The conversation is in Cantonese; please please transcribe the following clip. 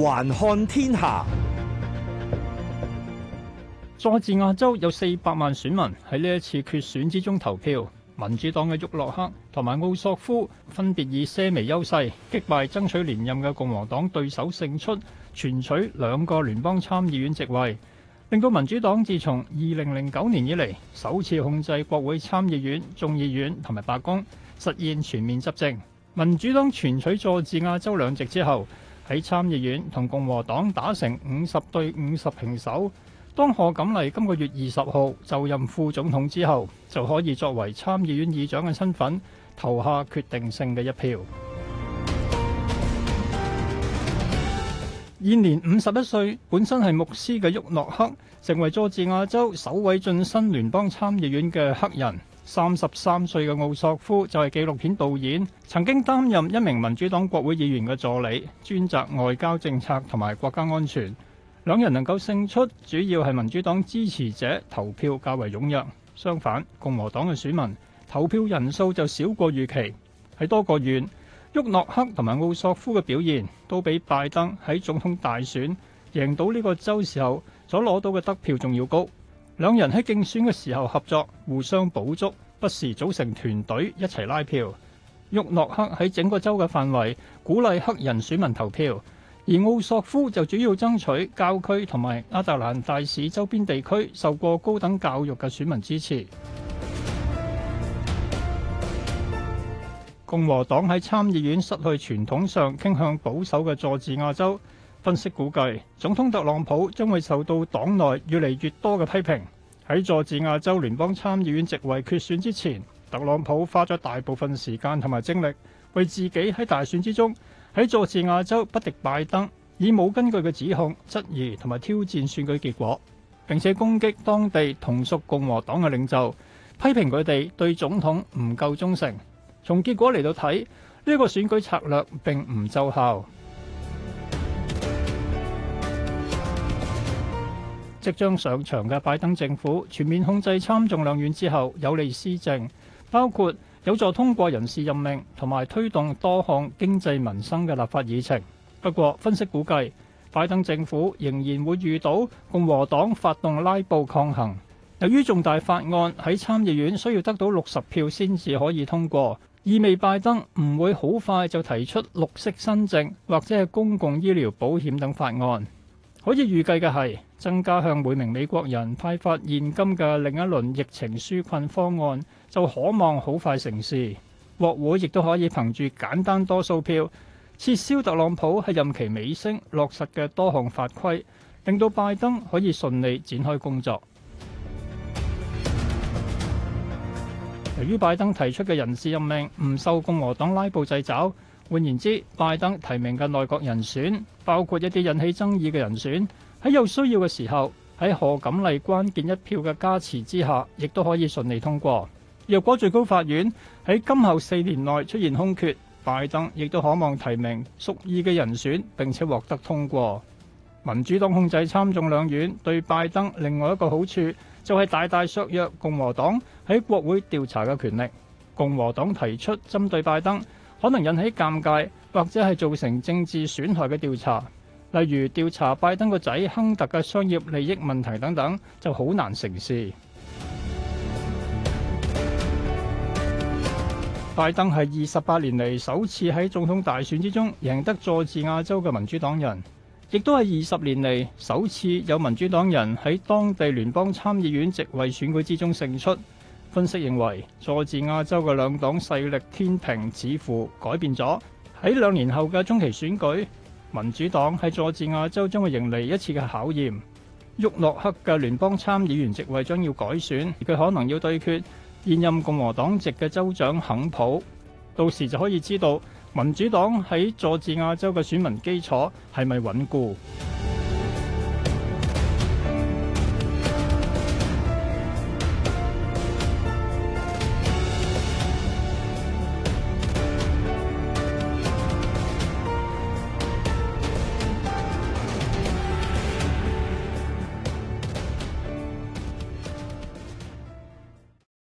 環看天下，佐治亞州有四百萬選民喺呢一次決選之中投票。民主黨嘅沃洛克同埋奧索夫分別以些微優勢擊敗爭取連任嘅共和黨對手，勝出，全取兩個聯邦參議院席位，令到民主黨自從二零零九年以嚟，首次控制國會參議院、眾議院同埋白宮，實現全面執政。民主黨全取佐治亞州兩席之後，喺參議院同共和黨打成五十對五十平手。當賀錦麗今個月二十號就任副總統之後，就可以作為參議院議長嘅身份投下決定性嘅一票。現年五十一歲，本身係牧師嘅沃諾克成為佐治亞州首位晉身聯邦參議院嘅黑人。三十三歲嘅奧索夫就係紀錄片導演，曾經擔任一名民主黨國會議員嘅助理，專責外交政策同埋國家安全。兩人能夠勝出，主要係民主黨支持者投票較為踴躍。相反，共和黨嘅選民投票人數就少過預期。喺多個縣，沃諾克同埋奧索夫嘅表現都比拜登喺總統大選贏到呢個州時候所攞到嘅得票仲要高。兩人喺競選嘅時候合作，互相補足，不時組成團隊一齊拉票。沃諾克喺整個州嘅範圍鼓勵黑人選民投票，而奧索夫就主要爭取郊區同埋亞特蘭大市周邊地區受過高等教育嘅選民支持。共和黨喺參議院失去傳統上傾向保守嘅佐治亞州。分析估計，總統特朗普將會受到黨內越嚟越多嘅批評。喺佐治亞州聯邦參議院席位決選之前，特朗普花咗大部分時間同埋精力，為自己喺大選之中喺佐治亞州不敵拜登，以冇根據嘅指控、質疑同埋挑戰選舉結果，並且攻擊當地同屬共和黨嘅領袖，批評佢哋對總統唔夠忠誠。從結果嚟到睇，呢個選舉策略並唔奏效。即將上場嘅拜登政府全面控制參眾兩院之後，有利施政，包括有助通過人事任命同埋推動多項經濟民生嘅立法議程。不過，分析估計，拜登政府仍然會遇到共和黨發動拉布抗衡。由於重大法案喺參議院需要得到六十票先至可以通過，意味拜登唔會好快就提出綠色新政或者係公共醫療保險等法案。可以預計嘅係，增加向每名美國人派發現金嘅另一輪疫情紓困方案，就可望好快成事。國會亦都可以憑住簡單多數票，撤銷特朗普喺任期尾聲落實嘅多項法規，令到拜登可以順利展開工作。由於拜登提出嘅人事任命唔受共和黨拉布掣肘。換言之，拜登提名嘅內閣人選，包括一啲引起爭議嘅人選，喺有需要嘅時候，喺何錦麗關鍵一票嘅加持之下，亦都可以順利通過。若果最高法院喺今後四年內出現空缺，拜登亦都可望提名屬意嘅人選並且獲得通過。民主黨控制參眾兩院，對拜登另外一個好處就係大大削弱共和黨喺國會調查嘅權力。共和黨提出針對拜登。可能引起尷尬或者係造成政治損害嘅調查，例如調查拜登個仔亨特嘅商業利益問題等等，就好難成事。拜登係二十八年嚟首次喺總統大選之中贏得佐治亞州嘅民主黨人，亦都係二十年嚟首次有民主黨人喺當地聯邦參議院席位選舉之中勝出。分析認為，佐治亞州嘅兩黨勢力天平似乎改變咗。喺兩年後嘅中期選舉，民主黨喺佐治亞州將會迎嚟一次嘅考驗。沃洛克嘅聯邦參議員席位將要改選，佢可能要對決現任共和黨籍嘅州長肯普。到時就可以知道民主黨喺佐治亞州嘅選民基礎係咪穩固。